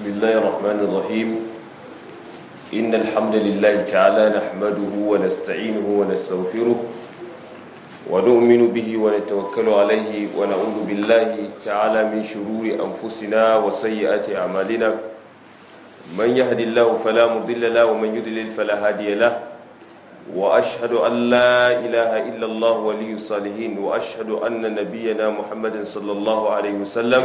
بسم الله الرحمن الرحيم إن الحمد لله تعالى نحمده ونستعينه ونستغفره ونؤمن به ونتوكل عليه ونعوذ بالله تعالى من شرور أنفسنا وسيئات أعمالنا من يهد الله فلا مضل له ومن يضلل فلا هادي له وأشهد أن لا إله إلا الله ولي الصالحين وأشهد أن نبينا محمد صلى الله عليه وسلم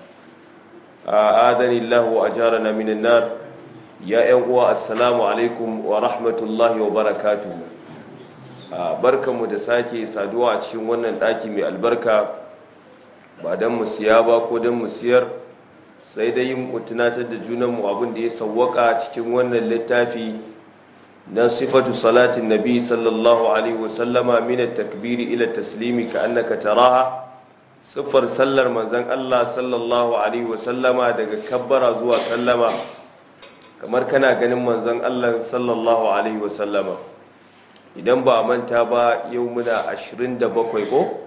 أعاذني الله وأجارنا من النار يا wa rahmatullahi wa ورحمة الله da sake saduwa a cikin wannan ɗaki mai albarka ba dan mu siya ba ko dan mu siyar sai dai mu tunatar da junanmu abin da ya sawwaka cikin wannan littafi na sifatu salatin nabi sallallahu alaihi sallama, min takbiri ila taslimi ka annaka taraha siffar sallar manzan Allah sallallahu alaihi wasallama daga kabbara zuwa sallama kamar kana ganin manzan Allah sallallahu alaihi wasallama idan ba a manta ba yau muna 27 ko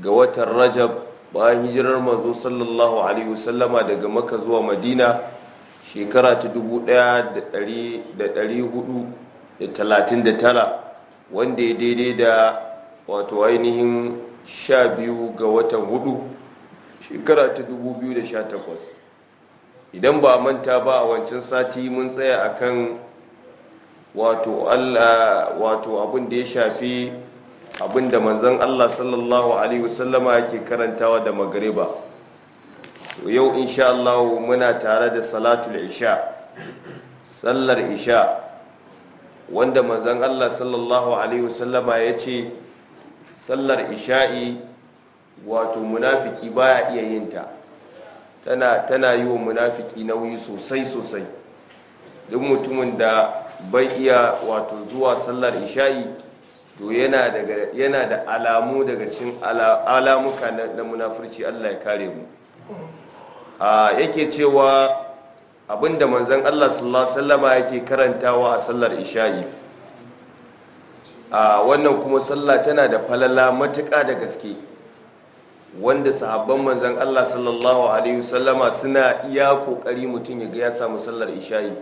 ga watan rajab bayan hijirar manzo sallallahu alaihi wasallama daga maka zuwa madina shekara ta 1439 wanda ya daidai da wato ainihin 12 ga watan hudu shekara ta 2018 idan ba manta ba a wancan sati mun tsaya akan wato Allah wato abin da ya shafi abin da manzan Allah sallallahu alaihi wasallama yake karantawa da magariba yau insha Allah muna tare da salatul isha sallar isha wanda manzan Allah sallallahu alaihi wasallama ya ce sallar isha'i wato munafiki baya iya yin ta tana tana yi wa munafiki nauyi sosai sosai duk mutumin da bai iya wato zuwa sallar isha'i to yana da alamu daga cin alamuka na munafurci Allah ya kare mu a yake cewa abinda manzon Allah sallallahu alaihi yake karantawa a sallar isha'i a wannan kuma sallah tana da falala matuka da gaske wanda sahabban manzan Allah sallallahu alaihi wasallama suna iya kokari mutum ya ga ya samu sallar isha'i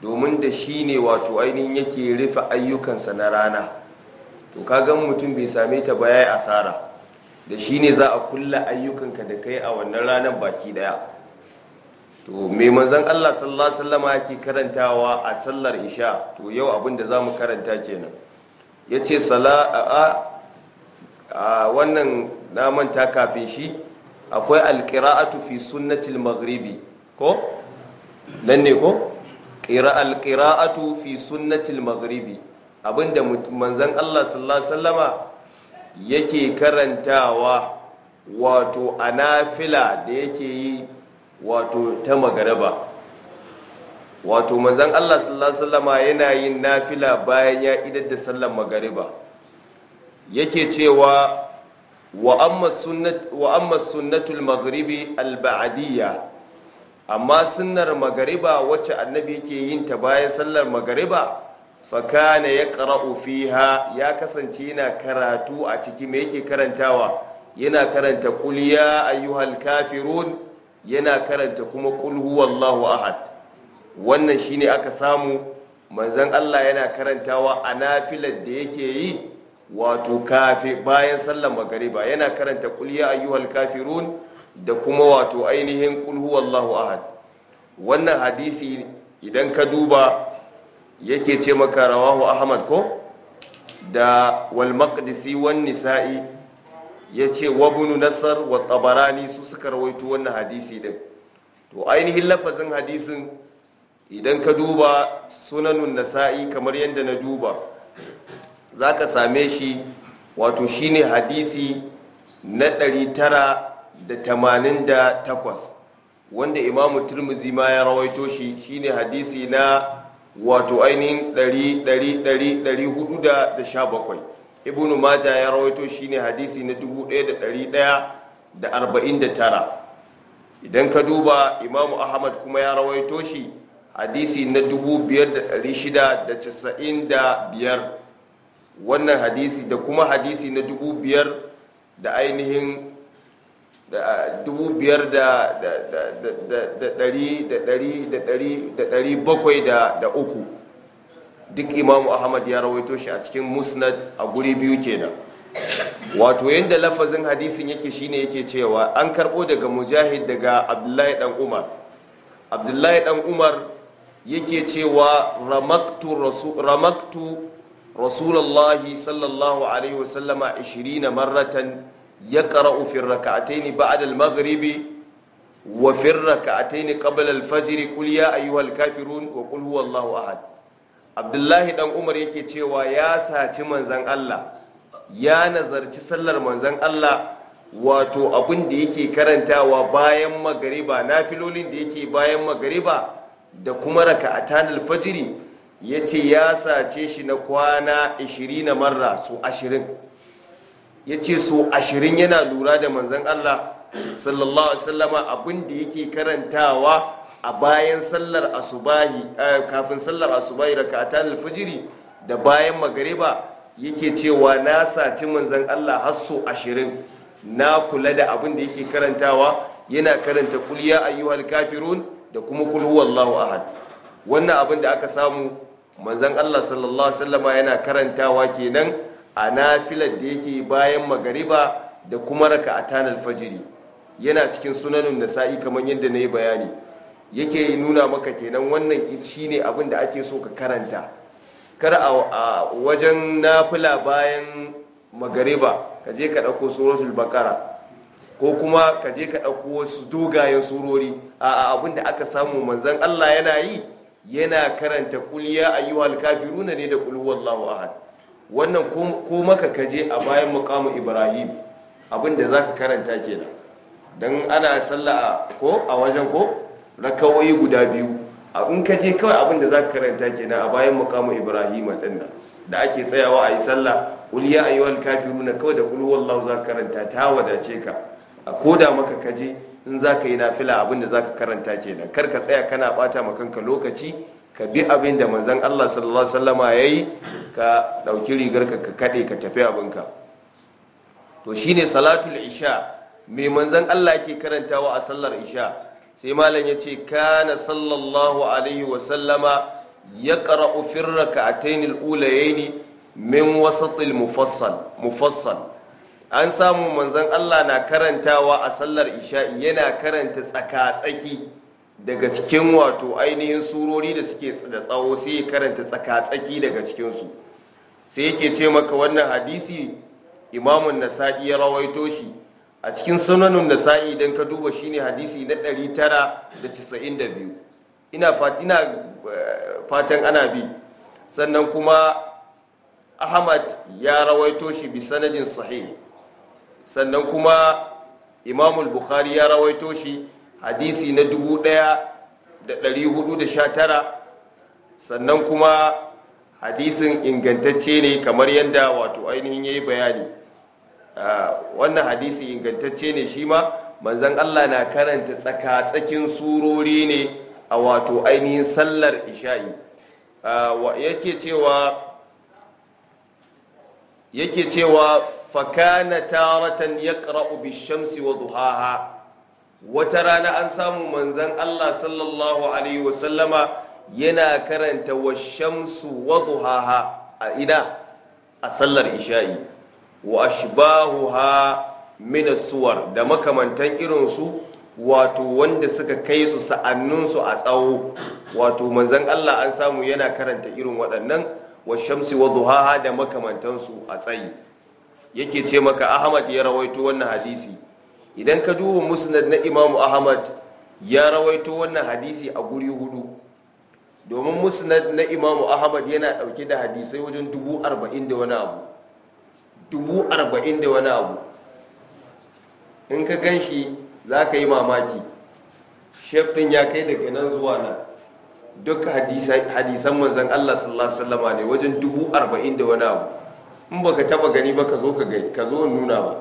domin da shi ne wato ainihin yake rufe ayyukansa na rana to kagan mutum bai same ta ba asara da shi ne za a kulla ayyukanka da kai a wannan ranar baki daya to mai manzan Allah sallallahu alaihi wasallama yake karantawa a sallar isha to yau abin da za mu karanta kenan ya ce sala'a a wannan ta kafin shi akwai alƙira'atu fi sunnatil maghribi ko nan ne ko alƙira'atu fi sunnatil maghribi abinda manzan Allah sallallahu alaihi wasallama yake karantawa wato a nafila da yake yi wato ta magaraba wato manzan Allah sallallahu alaihi yana yin nafila bayan ya idar da sallar magariba yake cewa wa amma sunnatul maghribi al ba'diyya amma sunnar magariba wacce annabi yake yin ta bayan sallar magariba fakana ya ƙara'u fiha ya kasance yana karatu a ciki mai yake karantawa yana karanta kuliya ayyuhal kafirun yana karanta kuma kulhu wallahu ahad wannan shine aka samu manzan Allah yana karantawa a nafilar da yake yi wato kafe bayan sallar magariba yana karanta qul ayyuhal kafirun da kuma wato ainihin kulhu Wallahu ahad wannan hadisi idan ka duba yake ce maka rawahu ahmad ko da wal maqdisi wan nisa'i yace wa ibn nasr wa tabarani su suka rawaito wannan hadisi din to ainihin lafazin hadisin idan ka duba sunanun nasa'i kamar yadda na duba za ka same shi wato shine hadisi na 988 wanda imamu turmuzi ma ya rawaito shi shine hadisi na wato ainihin 417 ibnu maja ya rawaito shine hadisi na 1149 idan ka duba imamu ahmad kuma ya rawaito shi hadisi na 5695 wannan hadisi da kuma hadisi na 5000 da ainihin uku. duk imamu ahmad ya rawaito shi a cikin musnad a guri biyu kenan wato yadda lafazin hadisin yake shine yake cewa an karbo daga mujahid daga abdullahi dan umar abdullahi dan umar yake cewa ramaktu rasulallahi sallallahu alaihi wasallama 20 marratan ya ƙara'u firraka'ataini ba'adal maghribi wa firraka'ataini qabla al-fajr qul ya ayyuhal kafirun wa qul huwallahu ahad abdullahi dan umar yake cewa ya saci manzon Allah ya nazarci sallar manzon Allah wato abin da yake karantawa bayan magariba nafilolin da yake bayan magariba da kuma raka a tanil fajiri, ya ce ya sace shi na kwana 20 marra su 20 ce su 20 yana lura da manzan Allah sallallahu alaihi wasallama abin yake karantawa a bayan sallar asubahi eh, kafin sallar asubahi tanil fajiri da bayan magariba yake cewa na sace manzan Allah har su 20 na kula da abinda yake karantawa yana karanta kulya ayyuhal kafirun da kuma kulhuwa Allahu ahad wannan abin da aka samu manzon Allah sallallahu alaihi yana karantawa kenan a nafilar da yake bayan magariba da kuma raka'atan fajiri. yana cikin sunanun nasa'i kamar yadda na yi bayani yake nuna maka kenan wannan shine abin da ake so ka karanta kar a wajen nafila bayan magariba ka je ka ɗauko suratul bakara ko kuma ka je ka ɗauko wasu dogayen surori a abin da aka samu manzan Allah yana yi yana karanta kulya ayyuhal kafiruna ne da kul wallahu ahad wannan ko maka ka je a bayan muqamu ibrahim abin da za ka karanta kenan Don ana sallah ko a wajen ko rakawoyi guda biyu in ka je kawai abin da za ka karanta kenan a bayan muqamu ibrahim din da ake tsayawa a yi sallah kul ya ayyuhal kafiruna kawai da kul wallahu ka karanta ta wadace ka a koda maka kaje in za ka yi nafila abin da za ka karanta kenan kar ka tsaya kana bata ma kanka lokaci ka bi abin da manzan Allah sallallahu alaihi ya yayi ka ɗauki rigar ka ka ka tafi abinka to shine salatul isha me manzon Allah yake karantawa a sallar isha sai malam yace kana sallallahu alaihi wasallama yaqra'u fi rak'atayn al-ulayayn min wasat al-mufassal mufassal an samu manzon Allah na karantawa a sallar isha'i yana karanta tsaka-tsaki daga cikin wato ainihin surori da suke da tsawo sai ya karanta tsaka-tsaki daga cikinsu sai yake ce maka wannan hadisi imamun nasa'i ya rawaito shi a cikin sunanun nasa'i idan ka duba shine hadisi na 992 ina eh, fatan ana bi sannan kuma ahmad ya rawaito shi bi sanadin sahih sannan kuma imamul bukhari ya rawaito shi hadisi na 1419 sannan kuma hadisin ingantacce ne kamar yadda wato ainihin ya yi bayani ah, wannan hadisi ingantacce ne shi ma manzan allah na karanta tsaka-tsakin surori ne a wato ainihin sallar isha'i ah, yake cewa yake cewa fakana taratan ya ƙara'u bishamsi wa duhaha wata rana an samu manzan Allah sallallahu alaihi wasallama yana karanta wa shamsu wa duhaha a ina a sallar isha'i wa ashbahuha da makamantan irinsu wato wanda suka kai su sa'anninsu a tsawo wato manzan Allah an samu yana karanta irin waɗannan wa shamsi wa duhaha da makamantansu a tsayi yake ce maka ahmad ya rawaito wannan hadisi idan ka duba musnad na imamu ahmad ya rawaito wannan hadisi a guri hudu domin musnad na imamu ahmad yana dauke da hadisai wajen dubu arba'in da wani abu dubu arba'in da wani abu in ka gan shi za ka yi mamaki shef ya kai daga nan zuwa nan duk hadisan manzan allah sallallahu alaihi wasallama ne wajen dubu arba'in da wani abu in baka taba gani ba ka zo ka gani ka zo nuna ba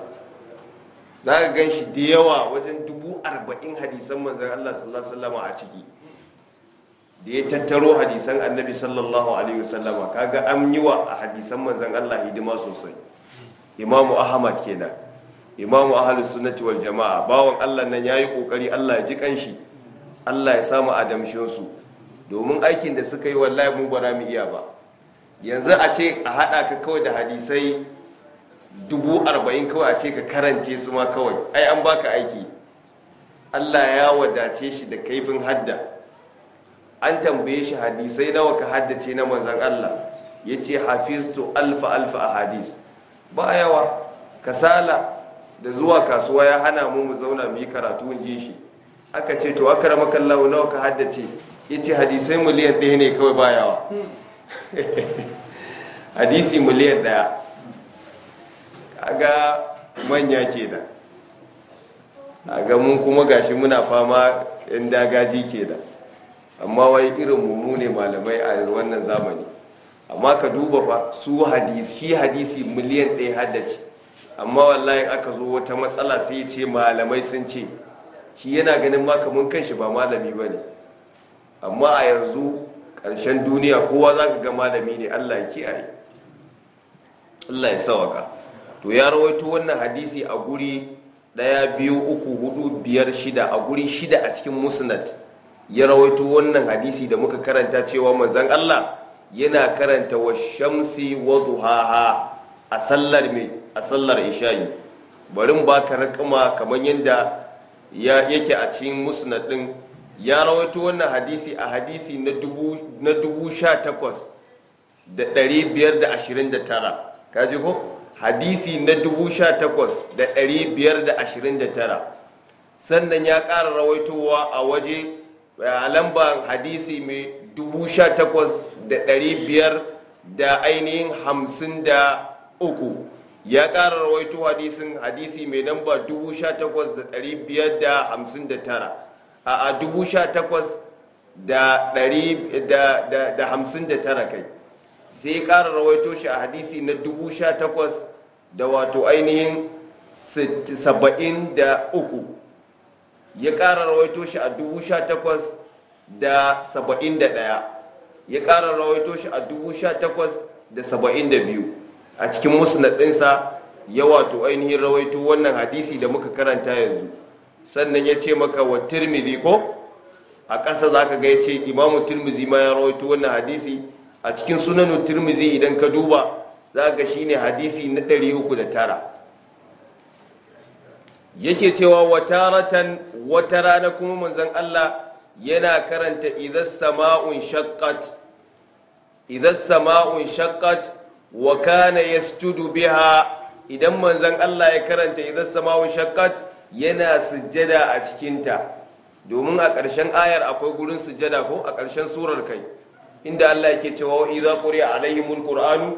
za ka gan shi da yawa wajen dubu arba'in hadisan manzan Allah sallallahu alaihi a ciki da ya tattaro hadisan annabi sallallahu alaihi wasallama kaga an yi wa a hadisan manzan Allah hidima sosai imamu ahmad kenan imamu ahlus sunnati wal jama'a bawan Allah nan yayi kokari Allah ya ji kanshi Allah ya samu adamshin su domin aikin da suka yi wallahi mu ba mu iya ba yanzu a ce a haɗa ka kawai da hadisai dubu arba'in kawai a ce ka karance su ma kawai ai an baka aiki allah ya wadace shi da kaifin hadda an tambaye shi hadisai nawa ka haddace na manzan allah ya ce hafiztu alfa alfa a hadis ba yawa kasala da zuwa kasuwa ya hana mu mu zauna mu yi karatu ji shi aka ce to aka ramakan nawa ka haddace ya ce hadisai miliyan ɗaya ne kawai ba yawa hmm. hadisi miliyan daya kaga manya kenan kaga mun kuma gashi muna fama yan dagaji ke da, amma wai irin mummune ne malamai a wannan zamani amma ka duba fa su hadisi shi hadisi miliyan ɗaya haddace amma wallahi aka zo wata matsala sai ce malamai sun ce shi yana ganin ma kanshi ba malami ba ne amma a yanzu ƙarshen duniya kowa za ka ga malami ne allah ya kiyaye allah ya sawaka to ya rawaito wannan hadisi a guri ɗaya biyu uku hudu biyar shida a guri shida a cikin musnad ya rawaito wannan hadisi da muka karanta cewa manzan allah yana karanta wa shamsi wa duhaha a sallar mai a sallar ishayi barin ba ka rakama kamar yadda yake a cikin musnad din ya rawaito wannan hadisi a hadisi na dubu sha takwas da ɗari biyar da ashirin da tara kaji ko hadisi na dubu sha takwas da ɗari biyar da ashirin da tara sannan ya ƙara rawaitowa a waje a lambar hadisi mai dubu sha takwas da ɗari biyar da ainihin hamsin da uku ya ƙara rawaito hadisin hadisi mai lamba dubu sha takwas da ɗari biyar da hamsin da tara a dubu sha takwas da ɗari da hamsin da tara kai sai ya ƙara rawaito shi a hadisi na dubu sha takwas da wato ainihin saba'in da uku ya ƙara rawaito shi a dubu sha takwas da saba'in da ɗaya ya ƙara rawaito shi a dubu sha takwas da saba'in da biyu a cikin musnadinsa ya wato ainihin rawaito wannan hadisi da muka karanta yanzu sannan ya ce maka wa tirmidhi ko a ƙasa za ka ga ya imamu tirmidhi ma ya rawaito wannan hadisi a cikin sunanu tirmidhi idan ka duba za ka shi ne hadisi na 309 yake cewa wata ratan wata rana kuma manzon Allah yana karanta idan sama'un shaqqat idan sama'un shaqqat wa kana yastudu biha idan manzon Allah ya karanta idan sama'un shaqqat yana sujjada a cikinta domin a ƙarshen ayar akwai gurin sujjada ko a ƙarshen surar kai inda Allah yake cewa wa iza quri'a alaihimul qur'anu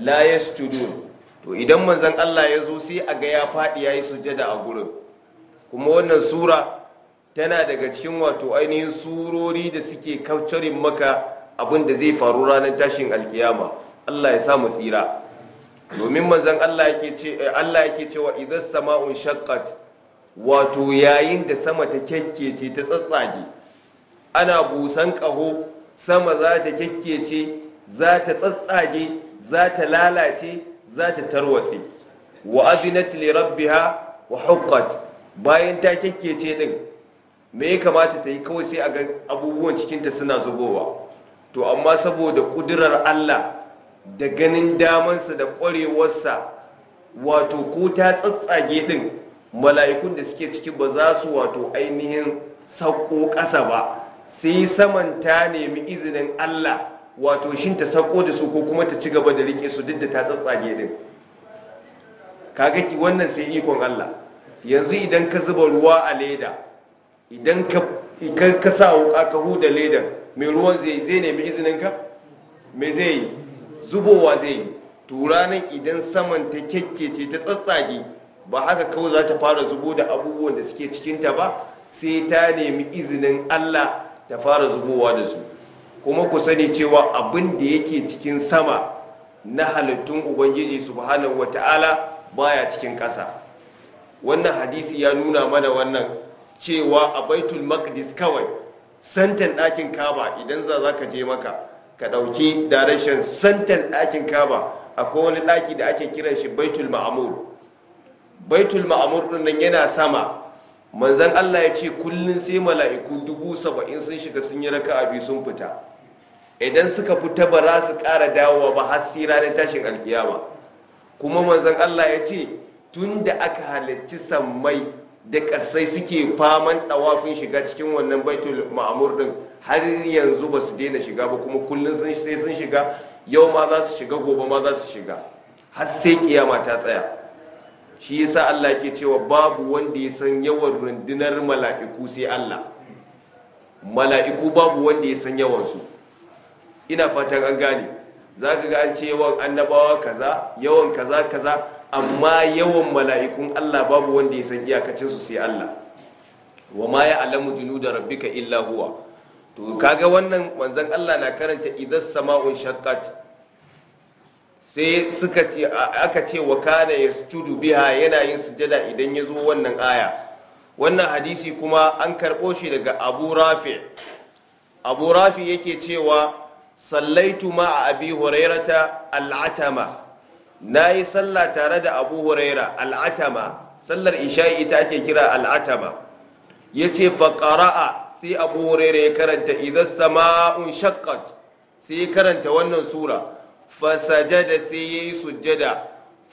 la yasjudun to idan manzon Allah ya zo sai a ga ya faɗi yayi sujjada a gurin kuma wannan sura tana daga cikin wato ainihin surori da suke kaucarin maka abin da zai faru ranar tashin alkiyama Allah ya sa mu tsira domin manzon Allah yake ce eh, Allah yake cewa idan sama'un shaqqat wato yayin da sama ta kyakkece ta tsatsage ana busan ƙaho sama za ta kyakkece za ta tsatsage za ta lalace za ta tarwatse wa azinat li rabbiha wa huqqat bayan ta kyakkece din me ya kamata ta yi kawai sai a ga abubuwan cikinta suna zubowa to amma saboda ƙudirar Allah da ganin damansa da ƙwarewarsa wato ko ta tsatsage din mala'ikun da suke ciki ba za su wato ainihin sauko ƙasa ba sai saman ta nemi izinin Allah wato shin ta sauko da su ko kuma ta ci gaba da rike su duk da ta tsatsage din kaga ki wannan sai ikon Allah yanzu idan ka zuba ruwa a leda idan ka ka sa wuka ka huda ledan mai ruwan zai zai nemi izinin ka me zai zubowa zai yi idan saman ta kekkece ta tsatsage ba haka kawai za ta fara zubo da abubuwan da suke cikinta ba sai ta nemi izinin allah ta fara zubowa da su kuma ku sani cewa abin da yake cikin sama na halittun ubangiji subhanahu wata'ala baya cikin ƙasa wannan hadisi ya nuna mana wannan cewa a baitul maqdis kawai santan ɗakin kaba idan za za je maka ka ɗauki darashin santan ɗakin kaba akwai wani ɗaki da ake kiran shi baitul Ma'amud. baitul ma'amur din nan yana sama manzan Allah ya ce kullun sai mala'iku dubu saba'in sun shiga sun yi raka abi sun fita idan suka fita ba za su ƙara dawowa ba har sai ranar tashin alkiyama kuma manzan Allah ya ce tun da aka halarci sammai da ƙasai suke faman ɗawafin shiga cikin wannan baitul ma'amur din har yanzu ba su daina shiga ba kuma kullun sai sun shiga yau ma za su shiga gobe ma za su shiga har sai kiyama ta tsaya shi yasa Allah ke cewa babu wanda ya san yawan rundunar mala'iku sai Allah mala'iku babu wanda ya san yawan su ina fatan an gane Za ka ga an ce yawan annabawa kaza yawan kaza kaza amma yawan mala'ikun Allah babu wanda ya san iyakacin su sai Allah wa ma alamu junuda rabbika illa huwa to kaga wannan manzon Allah na karanta idas sama'un shaqqat sai suka ce aka ce wa kana yasjudu biha yana yin sujada idan ya zo wannan aya wannan hadisi kuma an karɓo shi daga abu rafi abu rafi yake cewa sallaitu ma a abi hurairata al'atama na yi sallah tare da abu huraira al'atama sallar isha'i ita ake kira al'atama ya ce faƙara'a sai abu huraira ya karanta idan sama'un shakkat sai ya karanta wannan sura fasajada sai ya yi sujjada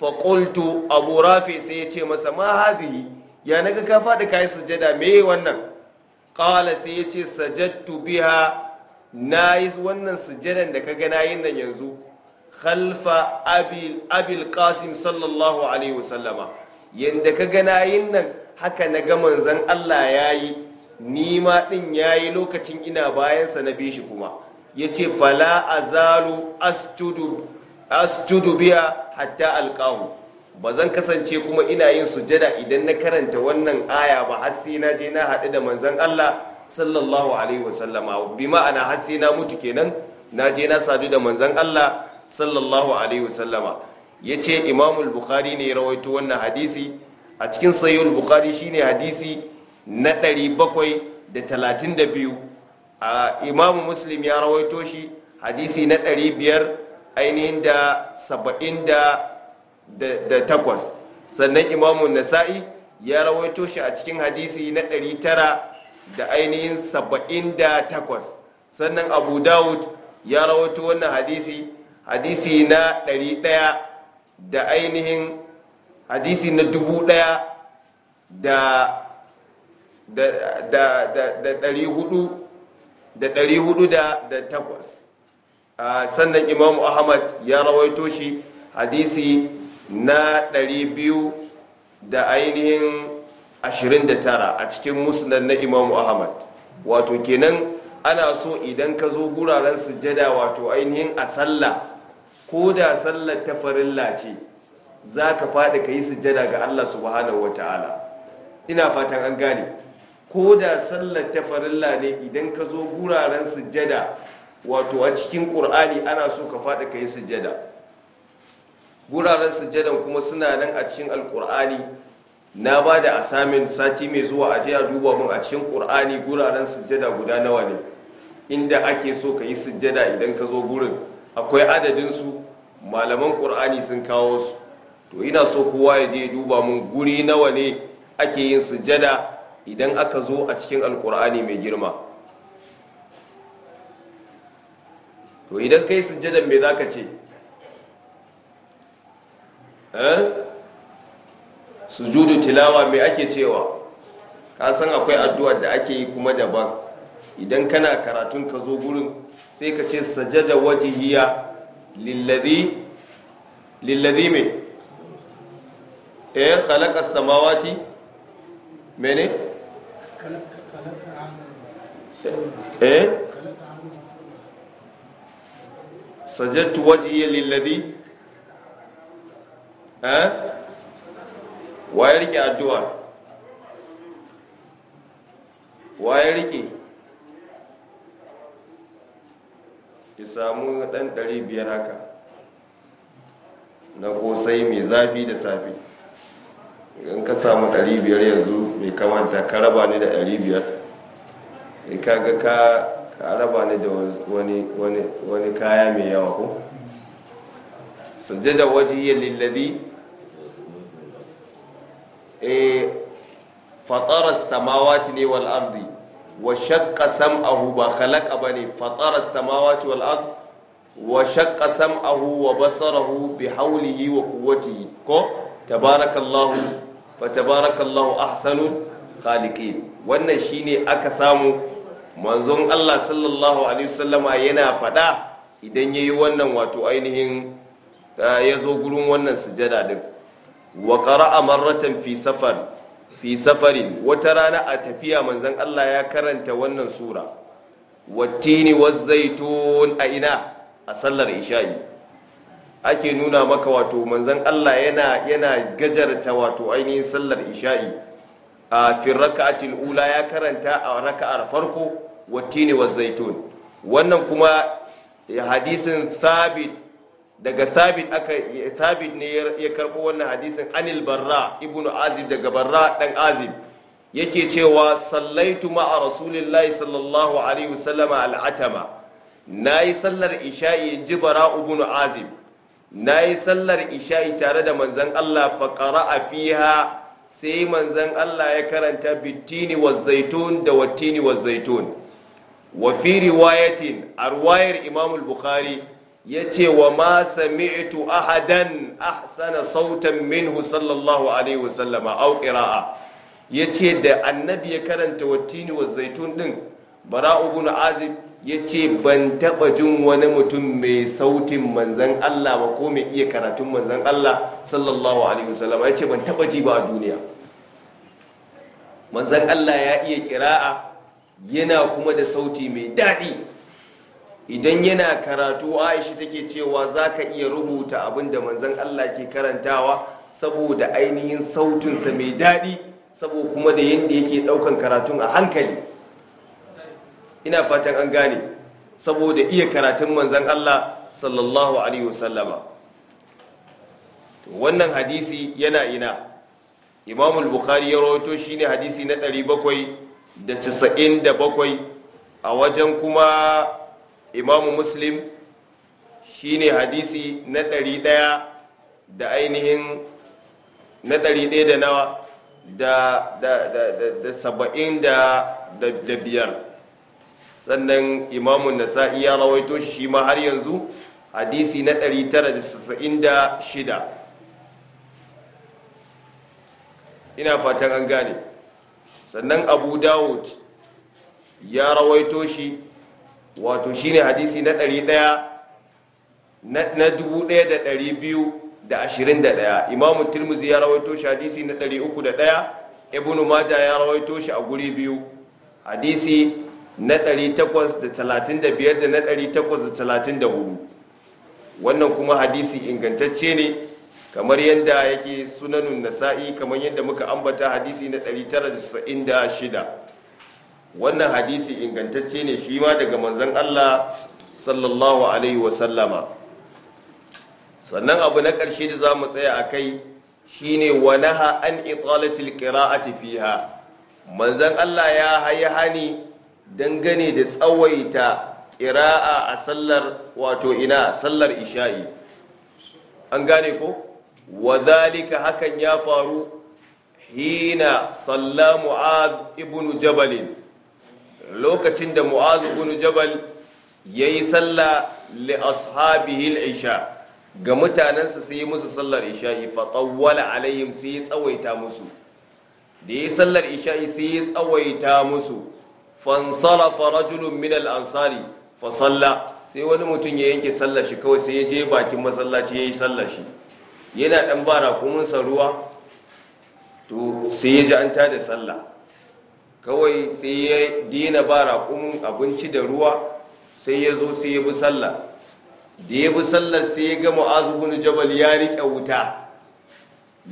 faƙultu abu rafi sai ya ce masa ma hazihi ya naga ka faɗi ka yi sujjada me wannan ƙala sai ya ce sajattu biha na yi wannan sujjadan da ka gana yin nan yanzu khalfa abil qasim sallallahu alaihi wasallama yadda ka gana yin nan haka na ga manzan allah ya yi ni ma ɗin ya yi lokacin ina bayansa na bishi kuma ya ce fala azalu asjudu asjudu biya hatta alqahu ba zan kasance kuma ina yin sujada idan na karanta wannan aya ba har na je na haɗu da manzan Allah sallallahu alaihi wasallama bi ma'ana har na mutu kenan na je na sadu da manzan Allah sallallahu alaihi wasallama yace ce imamul bukhari ne ya rawaito wannan hadisi a cikin Sahih al-Bukhari shine hadisi na 732 imamu muslim ya rawaito shi hadisi na ɗari biyar ainihin da saba'in da takwas sannan imamu nasa'i ya rawaito shi a cikin hadisi na ɗari tara da ainihin saba'in da takwas sannan abu dawud ya rawaito wannan hadisi hadisi na ɗari ɗaya da ainihin hadisi na dubu ɗaya da ɗari hudu da ɗari hudu da takwas sannan imam ahmad ya rawaito shi hadisi na ɗari biyu da ainihin ashirin da tara a cikin musulun na imam ahmad wato kenan ana so idan ka zo guraren sujada wato ainihin a sallah ko da sallar ta farin ce za ka faɗi ka yi sujada ga allah subhanahu wa ta'ala ina fatan an gane ko da sallar ta farilla ne idan ka zo guraren sujjada wato a cikin ƙur'ani ana so ka faɗi ka yi sujjada guraren sujadan kuma suna nan a cikin alƙur'ani na ba da asamin sati mai zuwa a jiya duba mun a cikin ƙur'ani guraren sujada guda nawa ne inda ake so ka yi sujada idan ka zo gurin akwai adadinsu malaman ƙur'ani sun kawo su to ina so kowa ya je duba mun guri nawa ne ake yin sujada? idan aka zo a cikin alkur'ani mai girma to idan kai sujjadan me za ka ce eh? sujudu tilawa me ake cewa ka san akwai addu'ar da ake yi kuma daban idan kana karatun ka zo gurin sai ka ce sajada wajihiya lillazi lillazi me eh khalaqa samawati mene eh sajattu wajiya lillazi eh waye rike addu'a waye rike ki samu dan 500 haka na kosai mai zafi da safi idan ka samu 500 yanzu mai kamanta ka raba ni da 500 ka ga ka raba ni da wani kaya mai yawa ko sujjada yi lillabi e fatarar samawati ne wal'ardi wa shakka sam'ahu ba khalaqa ne fatarar samawati wal ardi wa shakka sam'ahu wa basarahu bi haulihi wa quwwatihi ko tabarakallahu fa tabarakallahu ahsanul wannan shine aka samu manzon Allah sallallahu alaihi wasallama yana fada idan yayi wannan wato ainihin ya zo gurin wannan sujada din wa qara'a marratan fi safar fi safarin wata rana a tafiya manzon Allah ya karanta wannan sura wattini waz a ina a sallar isha'i ake nuna maka wato manzan Allah yana yana gajarta wato ainihin sallar isha'i a fi ula ya karanta a raka'ar farko wattini wa zaitun wannan kuma hadisin sabit daga sabit aka sabit ne ya karbo wannan hadisin anil barra ibnu azib daga barra dan azib yake cewa sallaitu ma'a rasulillahi sallallahu alaihi wasallama al'atama nayi sallar isha'i ji Bara, ibnu azib na yi sallar isha'i tare da manzan Allah faƙara a fiha sai manzan Allah ya karanta bitini wa zaitun da watini wa zaitun wa fi riwayatin a ruwayar imam bukhari ya ce wa ma sami'tu ahadan ahsana sautan minhu sallallahu alaihi wasallama au qira'a ya ce da annabi ya karanta watini wa zaitun din bara'u bin azib ya ce ban taɓa jin wani mutum mai sautin manzan Allah ba ko mai iya karatun manzan Allah sallallahu alaihi wasallam ya ce ban taba ji ba a duniya manzan Allah ya iya kira'a yana kuma da sauti mai daɗi idan yana karatu aisha take cewa za ka iya rubuta abin da manzan Allah ke karantawa saboda ainihin sautinsa mai daɗi saboda kuma da yadda yake ɗaukan karatun a hankali ina fatan an gane saboda iya karatun manzan Allah sallallahu alaihi wasallama wannan hadisi yana ina imamul bukhari ya rawaito shine hadisi na 797 a wajen kuma imam muslim shine hadisi na 100 da ainihin na 100 da nawa da da da biyar sannan imamun nasa'i ya rawaito shi shi ma har yanzu hadisi na 996 ina fatan an gane sannan abu dawud ya rawaito shi wato shi ne hadisi na 100 na 1221 imamu tirmizi ya rawaito shi hadisi na 301 Ibn maja ya rawaito shi a guri biyu hadisi na 835 da na 834 wannan kuma hadisi ingantacce ne kamar yadda yake sunanun nasa'i kamar yadda muka ambata hadisi na 996 wannan hadisi ingantacce ne shi ma daga manzan Allah sallallahu alaihi wasallama sannan abu na ƙarshe da za mu tsaya a kai shine wanaha an italatil qira'ati fiha manzan Allah ya hayi hani dangane da tsawaita ƙira'a a sallar wato ina sallar isha'i an gane ko zalika hakan ya faru hina salla mu'ad ibn jabal lokacin da mu'az ibn jabal yayi salla li ashabihi al-isha ga mutanensa sai musu sallar isha'i fa tawwala alaihim sai ya tsawaita musu da yayi sallar isha'i sai ya tsawaita musu fansarafa rajulun minal al-ansari fa salla sai wani mutum ya yanke sallar shi kawai sai ya je bakin masallaci yi sallar shi yana dan bara kumin sa ruwa to sai ya ji an tada sallah kawai sai ya dina bara kumin abinci da ruwa sai ya zo sai ya bi sallah da ya bi sallar sai ya ga mu'azu bin jabal ya riƙe wuta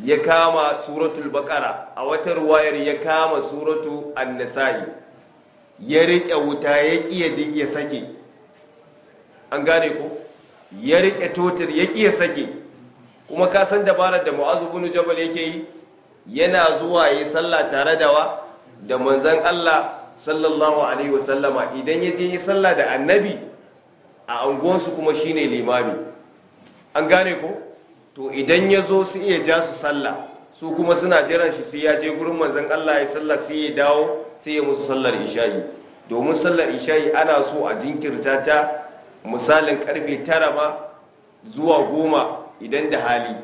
ya kama suratul baqara a wata ruwayar ya kama suratu an ya riƙe wuta ya ƙiya ya sake an gane ko ya riƙe totar ya ƙiya sake kuma ka san dabarar da mu'azu bin jabal yake yi yana zuwa ya sallah tare da wa da manzan Allah sallallahu alaihi wasallama idan ya je ya sallah da annabi a angonsu kuma shi ne limami an gane ko to idan ya zo su iya ja su sallah su kuma suna jiran shi sai ya je gurin manzan Allah ya sallah sai ya dawo sai ya musu sallar isha'i domin sallar isha'i ana so a jinkirta ta misalin karfe tara ma zuwa goma idan da hali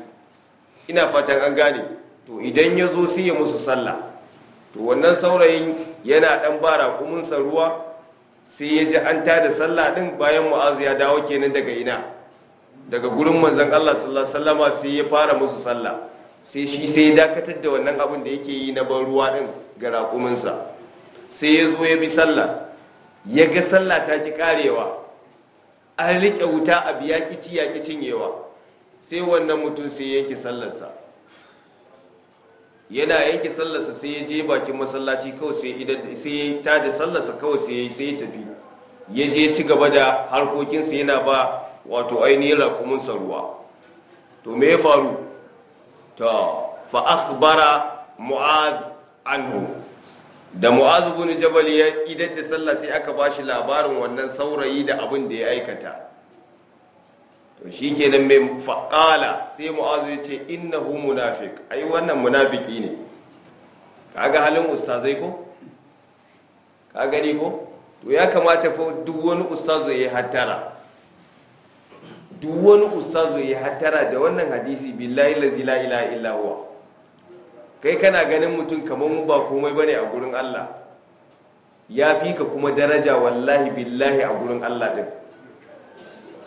ina fatan an gane to idan ya zo sai ya musu sallah to wannan saurayin yana dan bara raƙuminsa ruwa sai ya ji an tada sallah din bayan mu'azu ya dawo kenan daga ina daga gurin manzon Allah sallallahu alaihi wasallama sai ya fara musu sallah sai shi sai ya dakatar da wannan abin da yake yi na ban ruwa din ga raƙuminsa sai ya zo ya bi sallah ya ga sallah ta ki karewa an riƙe wuta a biya kici ya ki cinyewa sai wannan mutum sai yanke sallarsa yana yanke sallarsa sai ya je bakin masallaci kawai sai idan sai ya sallarsa kawai sai ya tafi ya je ci gaba da harkokinsa yana ba wato ainihin rakumin ruwa to me ya faru ta Fa'ad mu'ad anhu da mu'azu bin jabal ya idar da sallah sai aka bashi labarin wannan saurayi da abin da ya aikata to shikenan mai faqala sai mu'azu ya ce innahu munafiq ai wannan munafiki ne kaga halin ustazai ko ka gani ko to ya kamata fa duk wani ustazu ya hatara duk wani ustazu ya hatara da wannan hadisi billahi la ilaha illa huwa kai kana ganin mutum kamar mu ba komai bane a gurin Allah ya fi ka kuma daraja wallahi billahi a gurin Allah din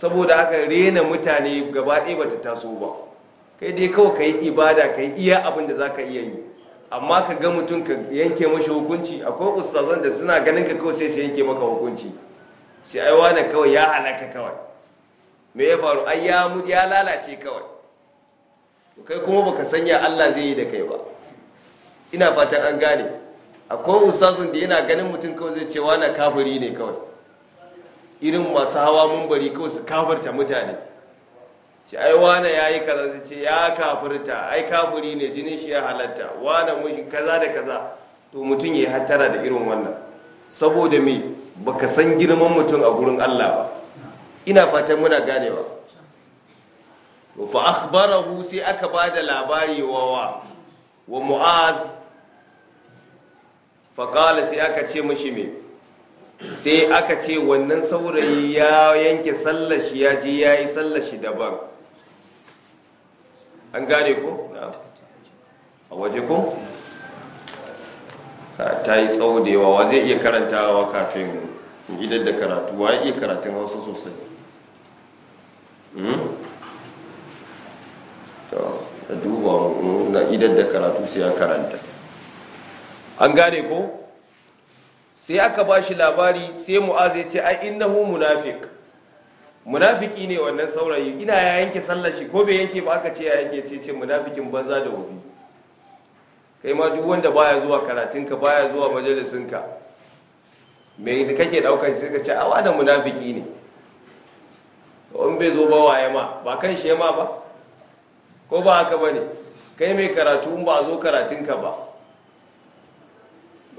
saboda haka rena mutane gaba ɗaya bata taso ba kai dai kawai kai ibada kai iya abin da zaka iya yi amma ka ga mutum ka yanke mashi hukunci akwai ustazan da suna ganin ka kawai sai su yanke maka hukunci sai ai wani kawai ya halaka kawai me ya faru ai ya lalace kawai kai kuma baka sanya Allah zai yi da kai ba ina fatan an gane akwai ustazin da yana ganin mutum kawai zai ce wani kafiri ne kawai irin masu hawa mumbari kawai su kafarta mutane shi ai wane ya yi kaza zai ce ya kafirta ai kafiri ne jinin shi ya halatta wane mushi kaza da kaza to mutum ya hattara da irin wannan saboda me baka san girman mutum a gurin Allah ba ina fatan muna ganewa fa akhbarahu sai aka ba da labari wawa wa mu'az faƙala sai aka ce mashi me sai aka ce wannan saurayi ya yanke sallashi ya je ya yi sallashi daban an gane ko? a waje ko? ta yi tsawo da yawa wa zai iya karantawa kafin gidan da karatu wa iya karatun wasu sosai hmm? da duba na idan da karatu sai ya karanta an gane ko sai aka ba shi labari sai mu'az ya ce ai innahu munafiq munafiki ne wannan saurayi ina ya yanke sallar shi ko bai yanke ba aka ce ya yanke ce ce munafikin banza da wobi kai ma duk wanda baya zuwa karatunka baya zuwa majalisinka me da kake daukar shi suka ce a wani munafiki ne in bai zo ba waye ma ba kan shi ma ba ko ba haka ba ne kai mai karatu ba a zo karatunka ba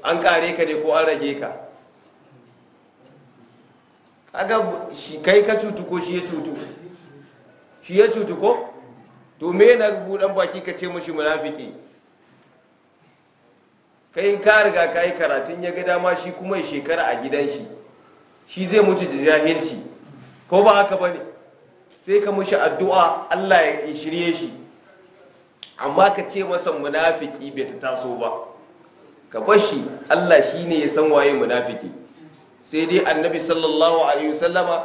an kare ka ne ko an rage ka aga shi kai ka cutu ko shi ya cutu shi ya cutu ko to me na budan baki ka ce mashi munafiki kai ka riga ka yi karatun ya ga dama shi kuma ya shekara a gidan shi shi zai mutu da jahilci ko ba haka ba ne sai ka mushi addu'a Allah ya shirye shi amma ka ce masa munafiki bai ta taso ba ka bar shi Allah ne ya san waye munafiki sai dai annabi sallallahu alaihi wasallama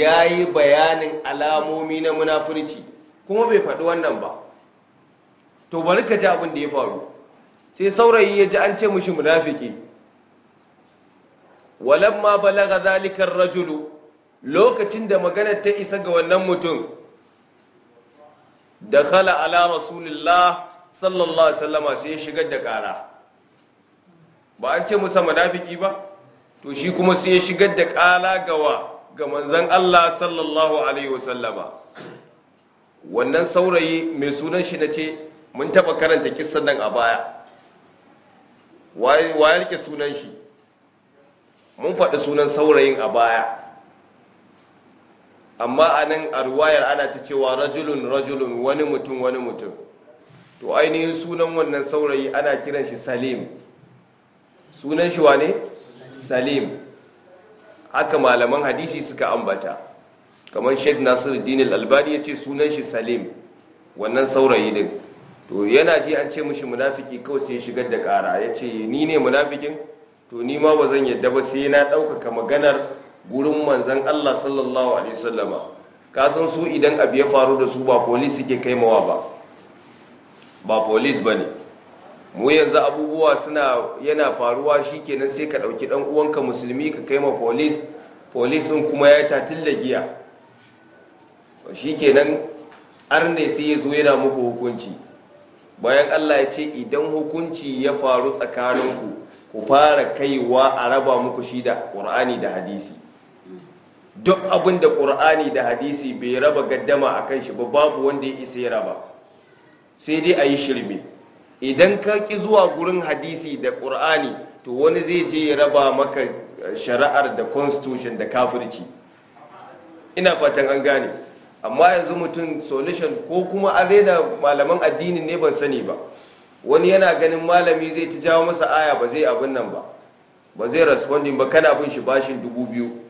ya yi bayanin alamomi na munafurci kuma bai faɗi wannan ba to bari ka ji abin da ya faru sai saurayi ya ji an ce mushi munafiki walamma balaga zalikar rajulu lokacin da magana ta isa ga wannan mutum da khala ala rasulillah sallallahu alaihi wasallama sai ya shigar da kara ba an ce musa madafiki ba to shi kuma sai ya shigar da kala gawa ga manzan Allah sallallahu alaihi wasallama wannan saurayi mai sunan shi na ce mun taba karanta kisan nan a baya waye rike sunan shi mun faɗi sunan saurayin a baya amma a nan a ruwayar ana ta cewa rajulun rajulun wani mutum wani mutum to ainihin sunan wannan saurayi ana kiran shi salim sunan shi wane salim haka malaman hadisi suka ambata kamar sheikh nasir al-albani ya ce sunan shi salim wannan saurayi din to yana ji an ce mushi munafiki kawai sai shigar da kara ya ce ni ne munafikin to ni ma ba zan yadda ba sai na ɗaukaka maganar gurin manzan Allah sallallahu alaihi wasallama ka san su idan abu ya faru da su ba polis suke kaimawa ba ba ba ne. mu yanzu abubuwa suna yana faruwa shikenan sai ka ɗauki ɗan uwanka musulmi ka kaima polis polisin kuma ya yi da giya shikenan arne sai ya zo yana muku hukunci bayan Allah ya ce idan hukunci ya faru tsakaninku ku fara kaiwa a raba muku shi da ƙur'ani da hadisi duk abin da ƙur'ani da hadisi bai raba gaddama a kan shi ba babu wanda ya isa ya raba sai dai a yi shirme idan ka ƙi zuwa gurin hadisi da ƙur'ani to wani zai je ya raba maka eh, shari'ar da constitution da kafirci ina fatan an gane amma yanzu mutum solution ko kuma an da malaman addinin ne ban sani ba wani yana ganin malami zai ta jawo masa aya ba zai abin nan ba ba zai responding ba kana bin shi bashin dubu biyu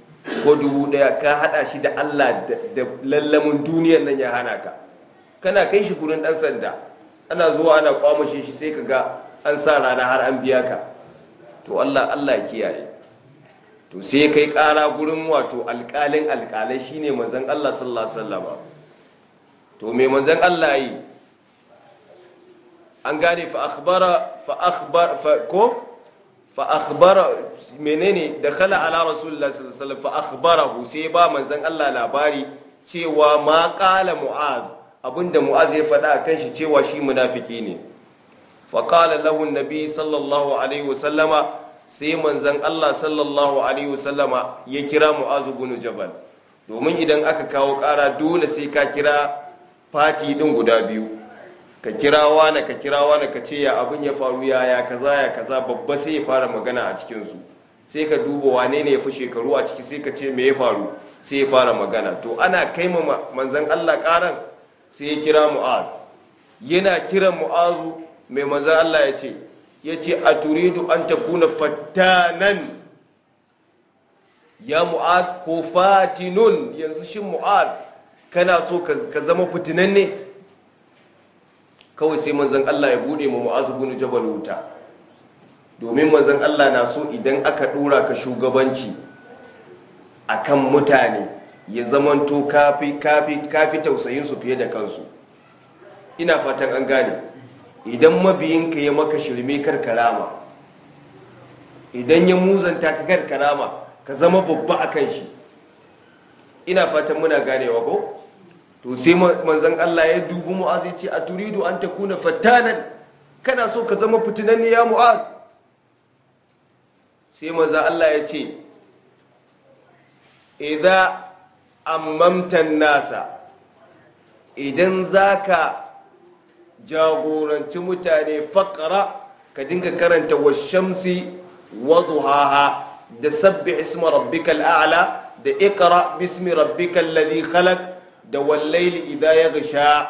ko dubu ɗaya ka haɗa shi da Allah da lallamin duniyar nan ya hana ka kana kai shi gurin ɗan sanda ana zuwa ana kwamashe shi sai ka ga an sa rana har an biya ka to Allah Allah ya kiyaye to sai kai ƙara gurin wato alƙalin alƙalai shine manzon Allah sallallahu alaihi wasallam to me manzon Allah yi an gane fa akhbara fa akhbar fa ko fa akhbara menene da khala ala rasulullahi sallallahu alaihi wasallam fa akhbarahu sai ba manzon Allah labari cewa ma qala mu'az abinda mu'az ya faɗa kan shi cewa shi munafiki ne fa qala lahu nabi sallallahu alaihi wasallama sai manzon Allah sallallahu alaihi wasallama ya kira mu'az ibn jabal domin idan aka kawo ƙara dole sai ka kira fati din guda biyu ka kira wane ka kira wane ka ce ya abin ya faru ya yaya kaza ya kaza babba sai ya fara magana a cikin su sai ka duba wane ne ya fi shekaru a ciki sai ka ce me ya faru sai ya fara magana to ana kai ma manzan Allah karan sai ya kira mu'az yana kiran mu'azu mai manzan Allah ya ce ya ce a turidu an takuna fattanan ya mu'az ko fatinun yanzu shin mu'az kana so ka zama fitinan ne kawai sai manzan Allah ya bude mu mu'azu bin jabal wuta domin manzan Allah na so idan aka dora ka shugabanci akan mutane ya zamanto kafi kafi kafi tausayin su fiye da kansu ina fatan an gane idan mabiyinka ya maka shirme kar karama idan ya muzanta ka kar karama ka zama babba akan shi ina fatan muna ganewa ko to sai manzan Allah ya dubi Mu'az ya ce a turidu an takuna fattanan kana so ka zama fitinan ya Mu'az sai manzan Allah ya ce idan ammamtan nasa idan zaka jagoranci mutane faƙara ka dinga karanta washamsi wa da sabbi isma rabbikal a'la da ikra bismi rabbikal ladhi khalaq da wallaili idan ya gasha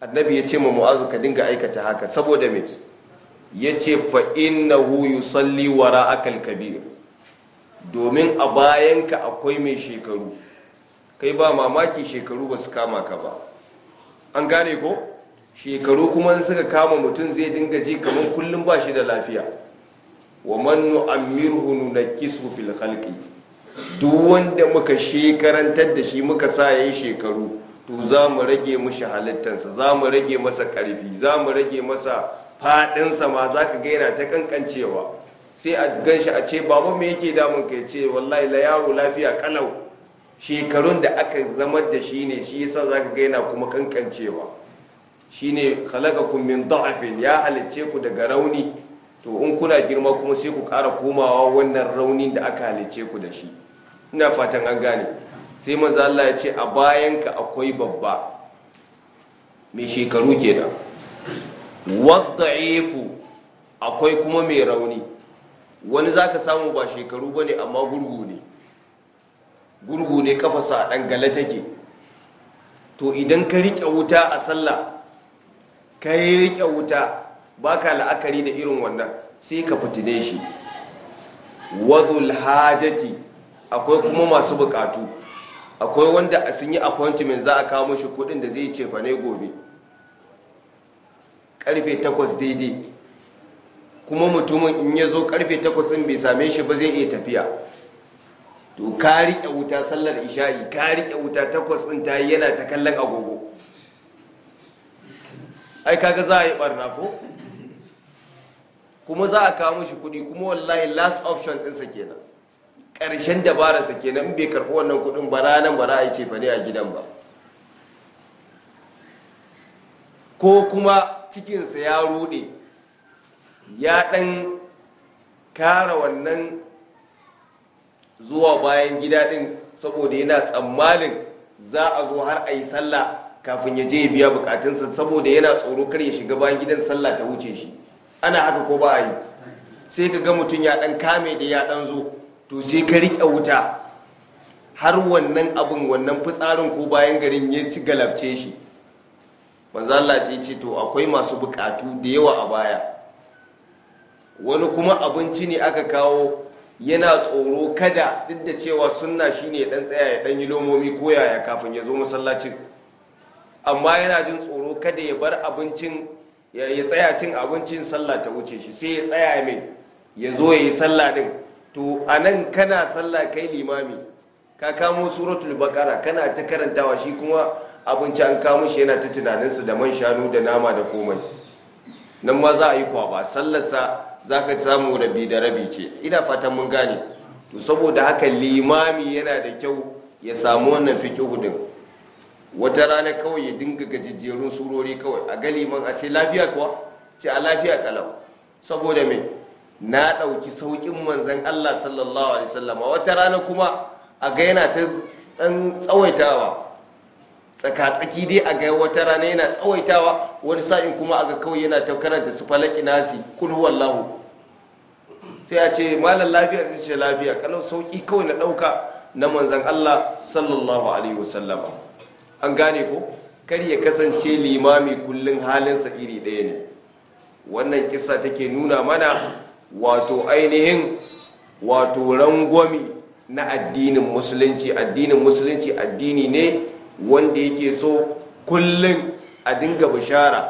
annabi ya ce ma mu'azu ka dinga aikata haka saboda me ya ce fa yusalli wara akal kabir domin a bayanka akwai mai shekaru kai ba mamaki shekaru ba su kama ka ba an gane ko shekaru kuma suka kama mutum zai dinga ji kamar kullum ba shi da lafiya wa mirhu amirhu nunakkisu fil khalqi duk wanda muka shekarantar da shi muka sa ya yi shekaru to za mu rage mushi halittansa za mu rage masa karfi za mu rage masa faɗinsa ma za ka gaira ta kankancewa sai a gan shi a ce babu me yake damun ka ce wallahi la yaro lafiya kalau shekarun da aka zamar da shi ne shi yasa za ka gaina kuma kankancewa shine khalaqakum min da'afin ya halicce ku daga rauni to in kuna girma kuma sai ku ƙara komawa wannan raunin da aka halice ku da shi ina fatan an gane sai manzo Allah ya ce a bayan ka akwai babba mai shekaru kenan wadda'ifu akwai kuma mai rauni wani zaka samu ba shekaru bane amma gurgu ne gurgu ne kafasa a gala take to idan ka rike wuta a sallah ka rike wuta baka la'akari da irin wannan sai ka fitine shi wadul hajati akwai kuma masu bukatu akwai wanda a sun yi appointment za a kawo mashi kudin da zai ce ne gobe karfe 8 daidai kuma mutumin in ya zo karfe 8 din bai same shi ba zai iya tafiya to ka rike wuta sallar isha'i ka rike wuta 8 din ta yana ta kallon agogo ai kaga za a yi barna ko kuma za a kawo mashi kuɗi kuma wallahi last option ɗinsa kenan ƙarshen dabararsa kenan in bai karɓi wannan kuɗin ba ranar ba za a yi ce fane a gidan ba ko kuma cikinsa ya rude, ya ɗan kara wannan zuwa bayan gida ɗin saboda yana tsammanin za a zo har a yi sallah kafin ya je ya biya bukatunsa saboda yana tsoro kar ya shiga bayan gidan sallah ta wuce shi ana haka ko ba a yi sai ka ga mutum ya dan kame da ya dan zo to sai ka riƙe wuta har wannan abin wannan fitsarin ko bayan garin ya ci galabce shi manzo Allah ce ce to akwai masu bukatu da yawa a baya wani kuma abinci ne aka kawo yana tsoro kada duk da cewa sunna shine ya dan tsaya ya dan yi lomomi ko yaya kafin ya zo masallacin amma yana jin tsoro kada ya bar abincin ya tsaya cin abincin sallah ta wuce shi sai ya tsaya mai ya zo ya yi sallah din to a nan kana sallah kai limami ka kamo suratul bakara kana ta karantawa shi kuma abinci an kamo shi yana ta tunaninsu da man shanu da nama da komai nan ma za a yi kwaba sallarsa za ka samu rabi da rabi ce ina fatan mun gane to saboda haka limami yana da kyau ya samu wannan fiƙi hudun wata rana kawai ya dinga gajejjerun surori kawai a galiman a ce lafiya kuwa ce a lafiya kalau saboda mai na ɗauki sauƙin manzan Allah sallallahu alaihi sallama wata rana kuma a ga yana ta ɗan tsawaitawa tsaka dai a ga wata rana yana tsawaitawa wani sa'in kuma a ga kawai yana ta karanta su falaki nasi kul wallahu sai a ce malam lafiya zai ce lafiya kalau sauƙi kawai na ɗauka na manzan Allah sallallahu alaihi wasallama an gane ko kar ya kasance limami kullum halinsa iri ɗaya ne wannan kisa take nuna mana wato ainihin wato rangwami na addinin musulunci addinin musulunci addini ne wanda yake so kullum a dinga bishara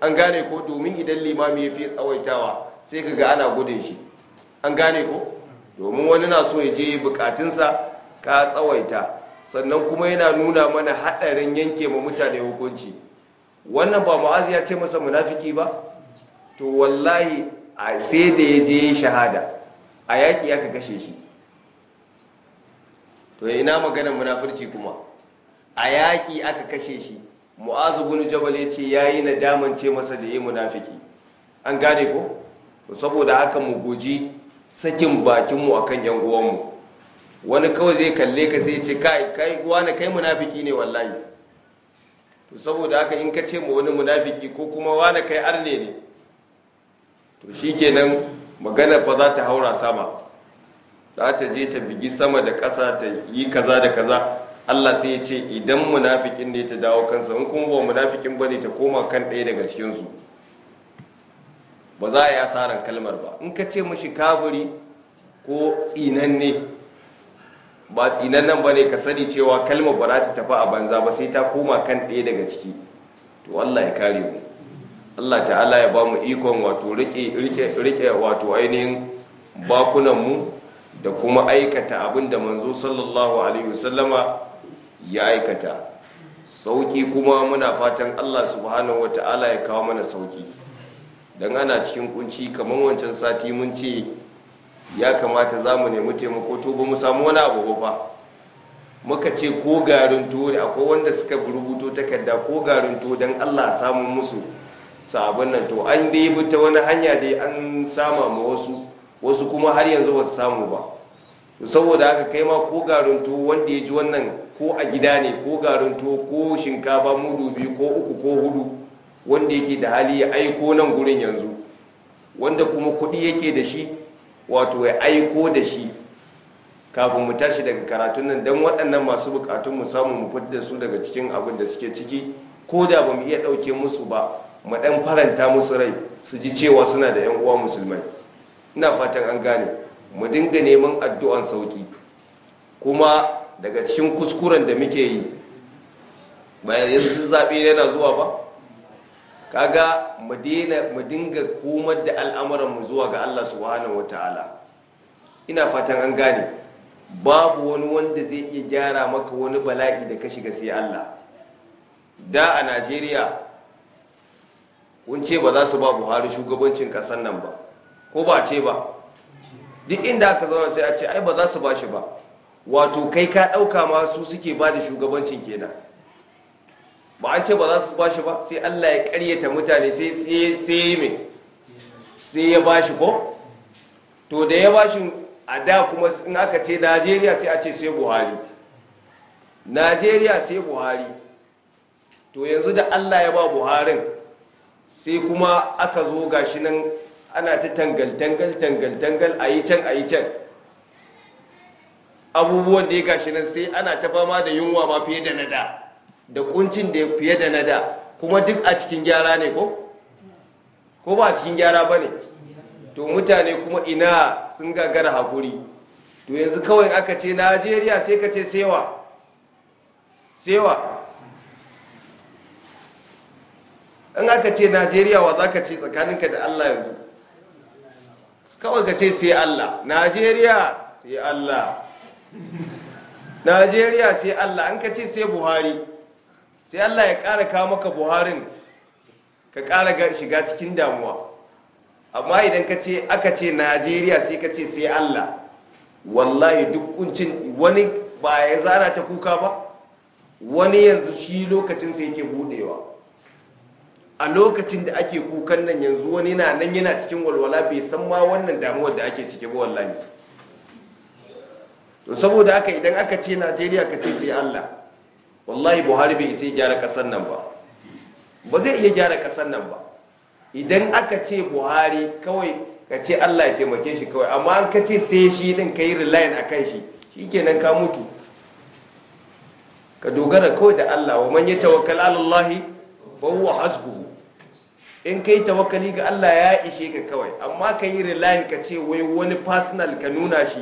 an gane ko domin idan limami ya fi tsawaitawa sai ka ana gudun shi an gane ko domin wani na so ya je bukatunsa ka tsawaita sannan kuma yana nuna mana haɗarin yanke ma mutane hukunci wannan ba mu'azu ya ce masa munafiki ba to wallahi a sai da ya je shahada a yaƙi ya ka kashe shi to ina maganar munafurci kuma a yaƙi aka kashe shi mu'azu bin jabal ya ce yayi nadaman ce masa da yi munafiki an gane ko saboda haka mu guji sakin bakinmu akan yan wani kawai zai kalle ka sai ce kai kai wani kai munafiki ne wallahi to saboda haka in ka ce ma wani munafiki ko kuma wani kai arne ne to shikenan magana fa za ta haura sama za ta je ta bigi sama da ƙasa ta yi kaza da kaza Allah sai ya ce idan munafikin ne ta dawo kansa in kuma ba munafikin bane ta koma kan ɗaya daga cikin su ba za a yi asaran kalmar ba in ka ce mashi kafiri ko tsinanne ba tsinan nan ba ne ka sani cewa kalmar ba za ta tafi a banza ba sai ta koma kan ɗaya daga ciki to allah ya kare mu allah ta'ala ya ba mu ikon wato rike wato ainihin mu da kuma aikata abin da manzo sallallahu alaihi wasallama ya aikata sauki kuma muna fatan allah subhanahu wata'ala ya kawo mana sauki don ana cikin kunci kamar wancan sati mun ce ya kamata za mu nemi taimako to ba mu samu wani abu ba muka ce ko garin tuwo da akwai wanda suka rubuto takarda ko garin tuwo don allah samun musu sabon nan to an dai bi ta wani hanya dai an sama ma wasu wasu kuma har yanzu ba su samu ba saboda haka kai ma ko garin tuwo wanda ya ji wannan ko a gida ne ko garin tuwo ko shinkafa mudu biyu ko uku ko hudu wanda yake da hali ya aiko nan gurin yanzu wanda kuma kuɗi yake da shi wato ya aiko da shi kafin mu tashi daga karatun nan don waɗannan masu bukatun mu samu mu fitar da su daga cikin abin da suke ciki ko da ba mu iya ɗauke musu ba mu ɗan faranta musu rai su ji cewa suna da 'yan uwa musulmai ina fatan an gane mu dinga neman addu'an sauki kuma daga cikin kuskuren da muke yi ba yanzu zaɓe yana zuwa ba kaga mu mu dinga komar da al'amuran zuwa ga Allah subhanahu ta'ala ina fatan an gane babu wani wanda zai iya gyara maka wani bala'i da ka shiga sai Allah da a Najeriya kun ce ba za su ba Buhari shugabancin kasar nan ba ko ba ce ba duk inda aka zauna sai a ce ai ba za su ba shi ba wato kai ka ɗauka ma su suke ba da shugabancin kenan ba an ce ba za su bashi ba sai Allah ya karyata mutane sai sai mai sai ya bashi ko to da ya bashi a da kuma in aka ce Najeriya sai a ce sai Buhari Najeriya sai Buhari to yanzu da Allah ya ba Buharin sai kuma aka zo gashi nan ana ta tangal tangal tangal tangal a yi can a yi can abubuwan da ya gashi nan sai ana ta fama da yunwa ma fiye da na da da kuncin da ya fiye da na da kuma duk a cikin gyara ne ko ko ba a cikin gyara ba ne to mutane kuma ina sun gagara haƙuri to yanzu kawai aka ce najeriya sai ka ce sewa sewa in aka ce najeriya wa za ka ce tsakaninka da allah yanzu kawai ka ce sai allah najeriya sai allah najeriya sai allah an ka ce sai buhari sai Allah ya ƙara kawo maka buharin ka ƙara shiga cikin damuwa amma idan ka ce aka ce najeriya sai ka ce sai allah wallahi duk kuncin wani ba ya zara ta kuka ba wani yanzu shi lokacin sai yake budewa a lokacin da ake kukan nan yanzu wani na nan yana cikin walwala bai san ma wannan damuwar da ake cike ba wallahi to saboda haka idan aka ce najeriya ka ce sai allah wallahi buhari bai isa gyara kasar nan ba ba zai iya gyara kasar nan ba idan aka ce buhari kawai ka ce allah ya taimake shi kawai amma an ka ce sai shi din ka yi reliant a kan shi shi kenan ka mutu ka dogara kawai da allah wa manya tawakal alallahi ba wa in ka yi tawakali ga allah ya ishe ka kawai amma ka yi reliant ka ce wai wani personal ka nuna shi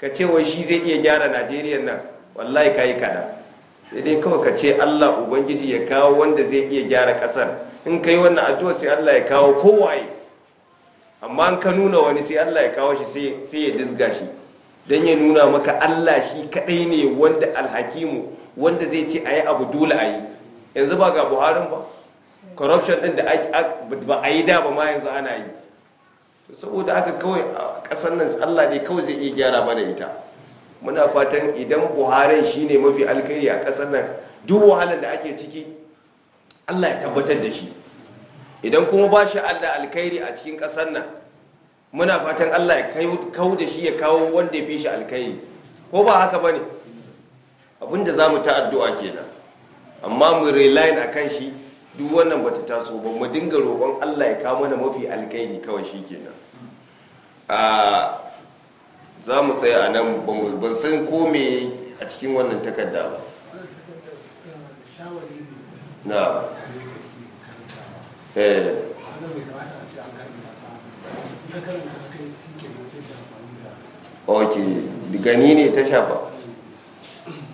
ka ce wai shi zai iya gyara najeriya nan wallahi ka yi kada sai dai kawai ka ce Allah ubangiji ya kawo wanda zai iya gyara kasar in ka yi wannan addu'a sai Allah ya kawo kowaye amma in ka nuna wani sai Allah ya kawo shi sai ya dizga shi don ya nuna maka Allah shi kadai ne wanda alhakimu wanda zai ce ayi abu dole ayi yanzu ba ga Buharin ba corruption din da ba a yi da ba ma yanzu ana yi saboda aka kawai a ƙasar nan Allah ne kawai zai iya gyara mana ita muna fatan idan buharin shine mafi alkhairi a ƙasar nan duk wahalar da ake ciki allah ya tabbatar da shi idan kuma ba shi allah alkhairi a cikin kasar nan muna fatan allah ya kawo da shi ya kawo wanda ya fi shi alkhairi ko ba haka ba ne abinda za mu ta addu'a kenan amma mu relying a kan shi duk wannan bata taso ba mu dinga roƙon allah ya kawo mana mafi alkhairi kawai shi kenan ah, za mu tsaya a nan ban san ko a cikin wannan takarda ba na eh. ok gani ne ta shafa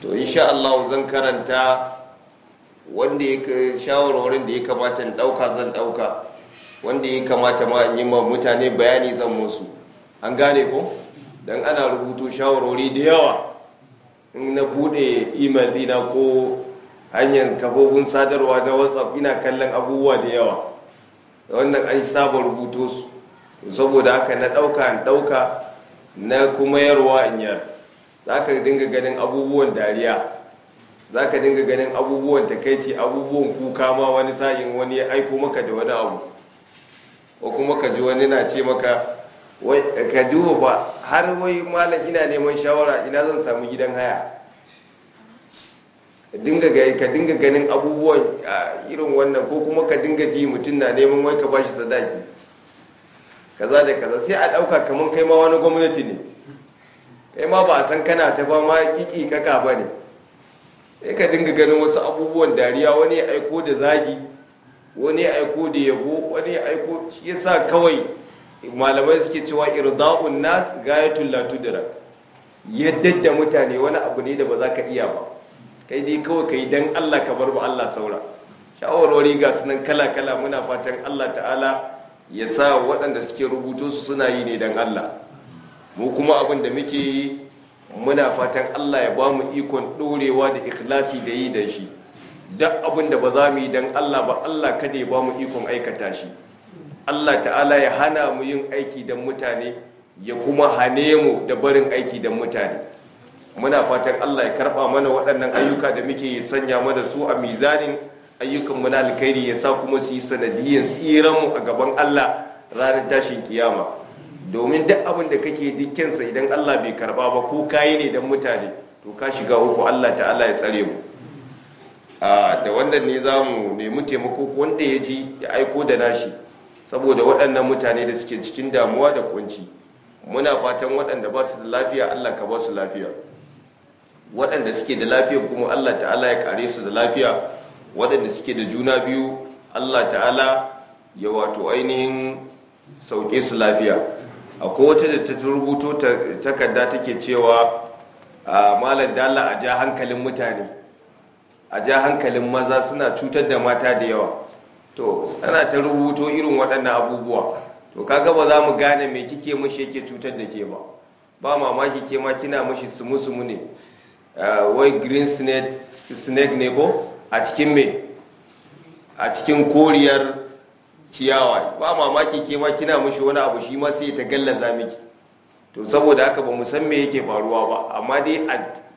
to insha Allah zan karanta wanda ya shawarwarin da ya kamata ɗauka zan ɗauka wanda ya kamata ma in yi mutane bayani zan musu an gane ko? don ana rubutu shawarwari da yawa in na bude imel dina ko hanyar kafofin sadarwa na whatsapp ina kallon abubuwa da yawa wannan an saba rubuto su saboda haka na ɗauka an ɗauka na kuma yarwa in yar za ka dinga ganin abubuwan dariya za ka dinga ganin abubuwan takaici abubuwan kuka ma wani sa'in wani ya aiko maka da wani abu ko kuma ka ji wani na ce maka ka duba ba har wai malam ina neman shawara ina zan samu gidan haya ka dinga ganin abubuwan irin wannan ko kuma ka dinga ji mutum na neman wai ka bashi sadaki kaza da kaza sai a ɗauka kamar kai ma wani gwamnati ne kai ma ba a san kana ta ba ma kiki kaka ba ne sai ka dinga ganin wasu abubuwan dariya wani ya aiko da zagi wani ya aiko da yabo wani ya aiko shi yasa kawai malamai suke cewa irda'un nas gayatul la tudrak yadda da mutane wani abu ne da ba za ka iya ba kai dai kawai kai dan Allah ka bar ba Allah saura shawarwari ga sunan kala kala muna fatan Allah ta'ala ya sa waɗanda suke rubutu su suna yi ne dan Allah mu kuma abin da muke yi muna fatan Allah ya ba mu ikon ɗorewa da ikhlasi da yi da shi duk abin da ba za mu yi dan Allah ba Allah kada ya ba mu ikon aikata shi Allah ta'ala ya hana mu yin aiki don mutane ya kuma hane mu da barin aiki don mutane muna fatan Allah ya karba mana waɗannan ayyuka da muke sanya mana su a mizanin ayyukan mu na alkhairi ya sa kuma su yi sanadiyyar tsiran mu a gaban Allah ranar tashin kiyama domin duk abin da kake dukkansa idan Allah bai karba ba ko kayi ne don mutane to ka shiga uku Allah ta'ala ya tsare mu ah, da wannan ne za mu nemi taimako wanda ya ji ya aiko da nashi saboda waɗannan mutane da suke cikin damuwa da kunci muna fatan waɗanda ba su da lafiya allah ka ba su lafiya waɗanda suke da lafiya kuma allah ta'ala ya kare su da lafiya waɗanda suke da juna biyu allah ta'ala ya wato ainihin sauke su lafiya akwai wata da ta rubuto takarda take cewa a malar dala a ja hankalin mutane a ja hankalin maza suna cutar da mata da yawa to ana ta rubuto irin waɗannan abubuwa to kaga ba za mu gane me kike mishi yake cutar da ke ba ba mamaki ke ma kina mushi sumusumu ne eh, wai green snake ne ko a cikin me a cikin koriyar ciyawa ba mamaki ke ma kina mushi wani abu shi ma sai ta gallaza miki to saboda haka ba mu san me yake faruwa ba amma dai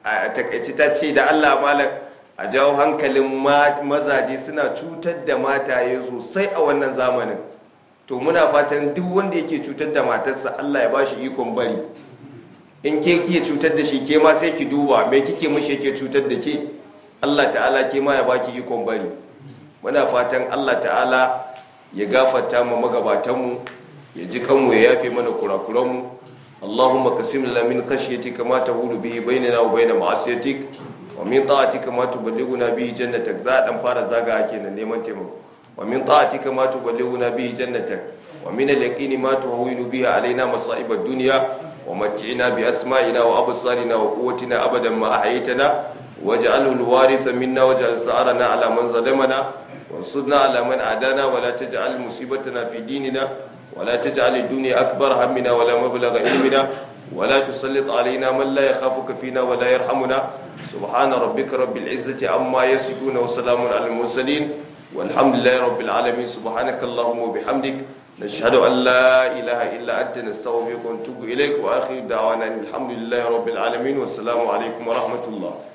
a takaici ta ce da Allah malam a jawo hankalin mazaje suna cutar da mataye sosai a wannan zamanin to muna fatan duk wanda yake cutar da matarsa Allah ya bashi ikon bari in ke ke cutar da shi ke ma sai ki duba me kike mishi yake cutar da ke Allah ta'ala ke ma ya baki ikon bari muna fatan Allah ta'ala ya gafarta mu magabatanmu ya ji kanmu ya yafe mana kurakuranmu اللهم قسم لنا من خشيتك ما تهول به بيننا وبين معصيتك wa min ta'atika ma tuballighuna bihi jannatak za dan fara zaga kenan neman taimako wa min ta'atika ma tuballighuna bihi jannatak wa min al-yaqini ma tuhawinu bihi alaina masa'ib ad-dunya wa mat'ina bi asma'ina wa absarina wa quwwatina abadan ma na waj'alhu al-waritha minna waj'al sa'rana ala adana wa la taj'al musibatana fi dinina ولا تجعل الدنيا أكبر همنا ولا مبلغ علمنا ولا تسلط علينا من لا يخافك فينا ولا يرحمنا subhana rabbika rabbil izzati amma yasifuna wa salamun alal mursalin walhamdulillahi rabbil alamin subhanakallahumma wa bihamdik نشهد أن لا إله إلا أنت نستغفرك ونتوب إليك وآخر دعوانا الحمد لله رب العالمين والسلام عليكم ورحمة الله